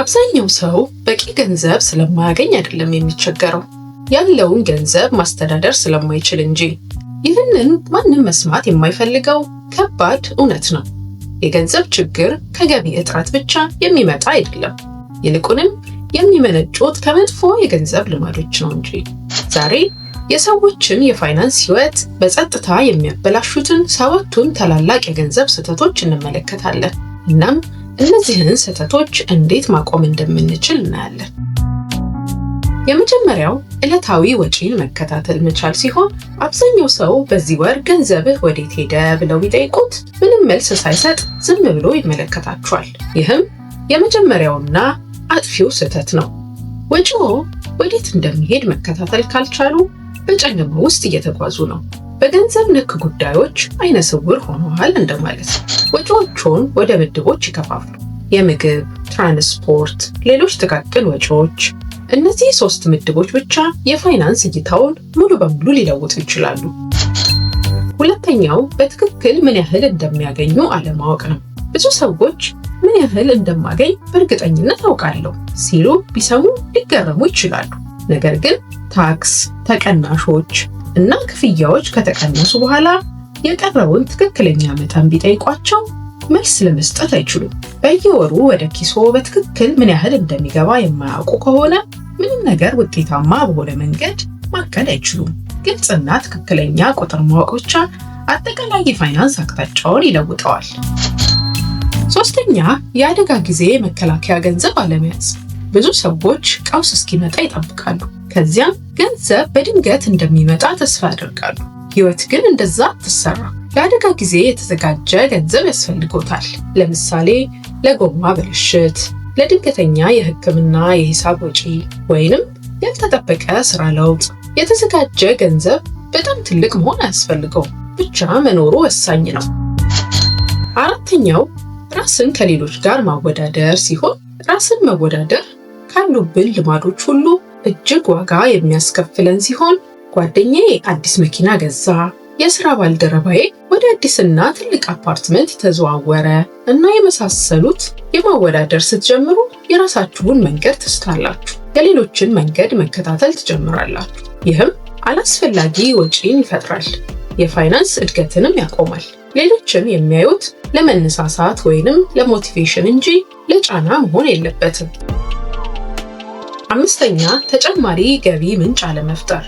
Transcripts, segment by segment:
አብዛኛው ሰው በቂ ገንዘብ ስለማያገኝ አይደለም የሚቸገረው፣ ያለውን ገንዘብ ማስተዳደር ስለማይችል እንጂ። ይህንን ማንም መስማት የማይፈልገው ከባድ እውነት ነው። የገንዘብ ችግር ከገቢ እጥረት ብቻ የሚመጣ አይደለም፣ ይልቁንም የሚመነጩት ከመጥፎ የገንዘብ ልማዶች ነው እንጂ። ዛሬ የሰዎችን የፋይናንስ ህይወት በጸጥታ የሚያበላሹትን ሰባቱን ታላላቅ የገንዘብ ስህተቶች እንመለከታለን እናም እነዚህን ስህተቶች እንዴት ማቆም እንደምንችል እናያለን። የመጀመሪያው ዕለታዊ ወጪን መከታተል መቻል ሲሆን አብዛኛው ሰው በዚህ ወር ገንዘብህ ወዴት ሄደ ብለው ቢጠይቁት ምንም መልስ ሳይሰጥ ዝም ብሎ ይመለከታቸዋል። ይህም የመጀመሪያውና አጥፊው ስህተት ነው። ወጪዎ ወዴት እንደሚሄድ መከታተል ካልቻሉ በጨለማ ውስጥ እየተጓዙ ነው። በገንዘብ ነክ ጉዳዮች አይነ ስውር ሆነዋል እንደማለት ነው። ወጪዎቹን ወደ ምድቦች ይከፋፍሉ። የምግብ፣ ትራንስፖርት፣ ሌሎች ጥቃቅን ወጪዎች። እነዚህ ሶስት ምድቦች ብቻ የፋይናንስ እይታውን ሙሉ በሙሉ ሊለውጡ ይችላሉ። ሁለተኛው በትክክል ምን ያህል እንደሚያገኙ አለማወቅ ነው። ብዙ ሰዎች ምን ያህል እንደማገኝ በእርግጠኝነት አውቃለሁ ሲሉ ቢሰሙ ሊገረሙ ይችላሉ። ነገር ግን ታክስ፣ ተቀናሾች፣ እና ክፍያዎች ከተቀነሱ በኋላ የቀረውን ትክክለኛ መጠን ቢጠይቋቸው መልስ ለመስጠት አይችሉም። በየወሩ ወደ ኪሶ በትክክል ምን ያህል እንደሚገባ የማያውቁ ከሆነ ምንም ነገር ውጤታማ በሆነ መንገድ ማቀድ አይችሉም። ግልጽና ትክክለኛ ቁጥር ማወቅ ብቻ አጠቃላይ የፋይናንስ አቅጣጫውን ይለውጠዋል። ሶስተኛ የአደጋ ጊዜ መከላከያ ገንዘብ አለመያዝ። ብዙ ሰዎች ቀውስ እስኪመጣ ይጠብቃሉ። ከዚያም ገንዘብ በድንገት እንደሚመጣ ተስፋ ያደርጋሉ። ህይወት ግን እንደዛ አትሰራ። ለአደጋ ጊዜ የተዘጋጀ ገንዘብ ያስፈልጎታል። ለምሳሌ ለጎማ ብልሽት፣ ለድንገተኛ የህክምና የሂሳብ ወጪ ወይንም ያልተጠበቀ ስራ ለውጥ። የተዘጋጀ ገንዘብ በጣም ትልቅ መሆን አያስፈልገው፣ ብቻ መኖሩ ወሳኝ ነው። አራተኛው ራስን ከሌሎች ጋር ማወዳደር ሲሆን ራስን መወዳደር ካሉብን ልማዶች ሁሉ እጅግ ዋጋ የሚያስከፍለን ሲሆን ጓደኛዬ አዲስ መኪና ገዛ፣ የስራ ባልደረባዬ ወደ አዲስና ትልቅ አፓርትመንት ተዘዋወረ እና የመሳሰሉት የማወዳደር ስትጀምሩ የራሳችሁን መንገድ ትስታላችሁ፣ የሌሎችን መንገድ መከታተል ትጀምራላችሁ። ይህም አላስፈላጊ ወጪን ይፈጥራል፣ የፋይናንስ እድገትንም ያቆማል። ሌሎችን የሚያዩት ለመነሳሳት ወይንም ለሞቲቬሽን እንጂ ለጫና መሆን የለበትም። አምስተኛ ተጨማሪ ገቢ ምንጭ አለመፍጠር።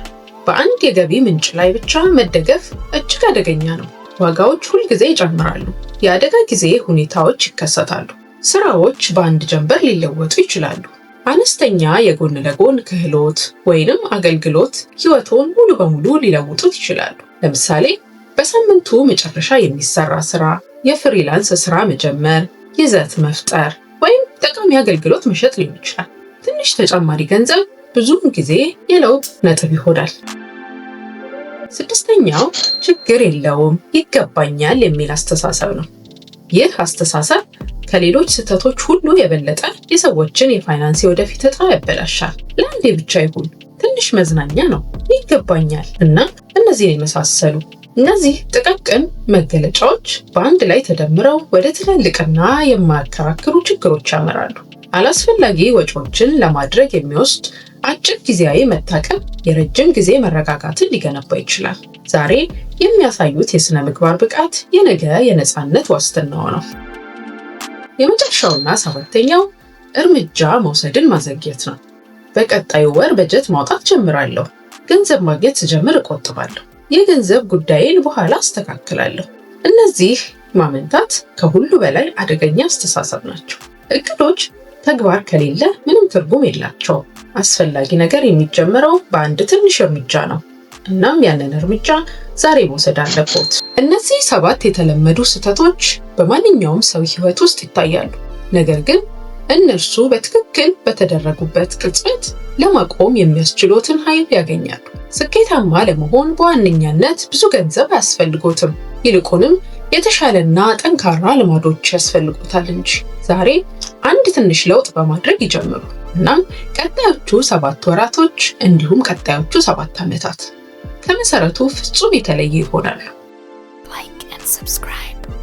በአንድ የገቢ ምንጭ ላይ ብቻ መደገፍ እጅግ አደገኛ ነው። ዋጋዎች ሁልጊዜ ይጨምራሉ፣ የአደጋ ጊዜ ሁኔታዎች ይከሰታሉ፣ ስራዎች በአንድ ጀንበር ሊለወጡ ይችላሉ። አነስተኛ የጎን ለጎን ክህሎት ወይንም አገልግሎት ህይወቶን ሙሉ በሙሉ ሊለውጡት ይችላሉ። ለምሳሌ በሳምንቱ መጨረሻ የሚሰራ ስራ፣ የፍሪላንስ ስራ መጀመር፣ ይዘት መፍጠር ወይም ጠቃሚ አገልግሎት መሸጥ ሊሆን ይችላል። ትንሽ ተጨማሪ ገንዘብ ብዙውን ጊዜ የለውጥ ነጥብ ይሆናል። ስድስተኛው ችግር የለውም ይገባኛል የሚል አስተሳሰብ ነው። ይህ አስተሳሰብ ከሌሎች ስህተቶች ሁሉ የበለጠ የሰዎችን የፋይናንስ የወደፊት እጣ ያበላሻል። ለአንዴ ብቻ ይሁን ትንሽ መዝናኛ ነው ይገባኛል እና እነዚህን የመሳሰሉ እነዚህ ጥቃቅን መገለጫዎች በአንድ ላይ ተደምረው ወደ ትልልቅና የማያከራክሩ ችግሮች ያመራሉ። አላስፈላጊ ወጪዎችን ለማድረግ የሚወስድ አጭር ጊዜያዊ መታቀብ የረጅም ጊዜ መረጋጋትን ሊገነባ ይችላል። ዛሬ የሚያሳዩት የሥነ ምግባር ብቃት የነገ የነፃነት ዋስትናው ነው። የመጨረሻውና ሰባተኛው እርምጃ መውሰድን ማዘግየት ነው። በቀጣዩ ወር በጀት ማውጣት ጀምራለሁ። ገንዘብ ማግኘት ስጀምር እቆጥባለሁ። የገንዘብ ጉዳይን በኋላ አስተካክላለሁ። እነዚህ ማመንታት ከሁሉ በላይ አደገኛ አስተሳሰብ ናቸው። እቅዶች ተግባር ከሌለ ምንም ትርጉም የላቸውም። አስፈላጊ ነገር የሚጀምረው በአንድ ትንሽ እርምጃ ነው። እናም ያንን እርምጃ ዛሬ መውሰድ አለብዎት። እነዚህ ሰባት የተለመዱ ስህተቶች በማንኛውም ሰው ሕይወት ውስጥ ይታያሉ፣ ነገር ግን እነርሱ በትክክል በተደረጉበት ቅጽበት ለማቆም የሚያስችሎትን ኃይል ያገኛሉ። ስኬታማ ለመሆን በዋነኛነት ብዙ ገንዘብ አያስፈልጎትም፣ ይልቁንም የተሻለና ጠንካራ ልማዶች ያስፈልጉታል እንጂ። ዛሬ አንድ ትንሽ ለውጥ በማድረግ ይጀምሩ። እናም ቀጣዮቹ ሰባት ወራቶች እንዲሁም ቀጣዮቹ ሰባት ዓመታት ከመሰረቱ ፍጹም የተለየ ይሆናሉ። ላይክ ኤንድ ሰብስክራይብ